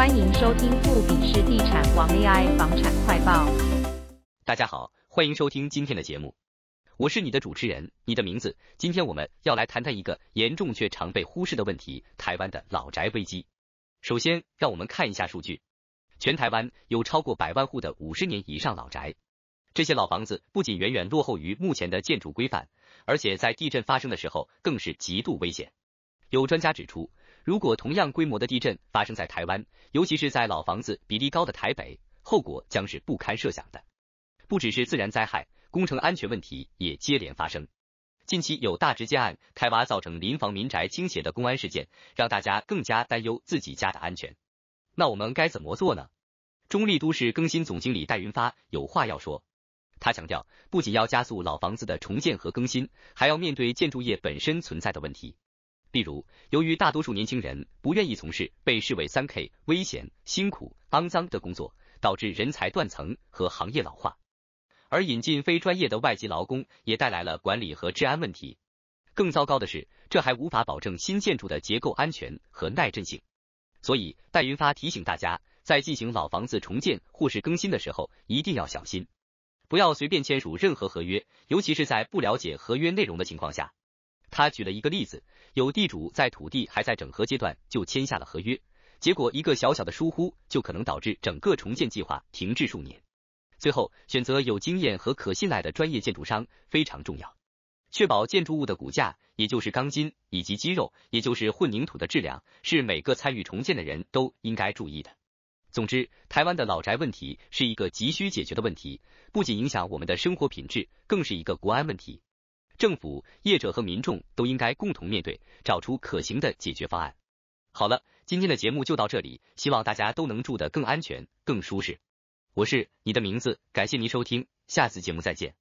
歡迎收聽富比士地產王 AI 房產快報。大家好，歡迎收聽今天的節目，我是你的主持人，你的名字。今天我們要來談談一個嚴重卻常被忽視的問題——台灣的老宅危機。首先，讓我們看一下數據，全台灣有超過百萬戶的五十年以上老宅，這些老房子不僅遠遠落後於目前的建築規範，而且在地震發生的時候更是極度危險。有專家指出。如果同樣規模的地震發生在台灣，尤其是在老房子比例高的台北，後果將是不堪設想的。不只是自然災害，工程安全問題也接連發生。近期有大直街案開挖造成鄰房民宅傾斜的公安事件，讓大家更加擔憂自己家的安全。那我們該怎麼做呢？中力都市更新總經理戴雲發有話要說，他強調不僅要加速老房子的重建和更新，還要面對建築業本身存在的問題。例如，由於大多數年輕人不願意從事被視為三 K 危險、辛苦、骯髒的工作，導致人才斷層和行業老化。而引進非專業的外籍勞工，也帶來了管理和治安問題。更糟糕的是，這還無法保證新建築的結構安全和耐震性。所以，戴雲發提醒大家，在進行老房子重建或是更新的時候，一定要小心，不要隨便簽署任何合約，尤其是在不了解合約內容的情況下。他舉了一個例子，有地主在土地還在整合階段就簽下了合約，結果一個小小的疏忽就可能導致整個重建計劃停滯數年。最後，選擇有經驗和可信賴的專業建築商非常重要，確保建築物的骨架，也就是鋼筋，以及肌肉，也就是混凝土的質量，是每個參與重建的人都應該注意的。總之，臺灣的老宅問題是一個急需解決的問題，不僅影響我們的生活品質，更是一個國安問題。政府、業者和民眾都應該共同面對，找出可行的解決方案。好了，今天的節目就到這裡，希望大家都能住得更安全、更舒適。我是你的名字，感謝您收聽，下次節目再見。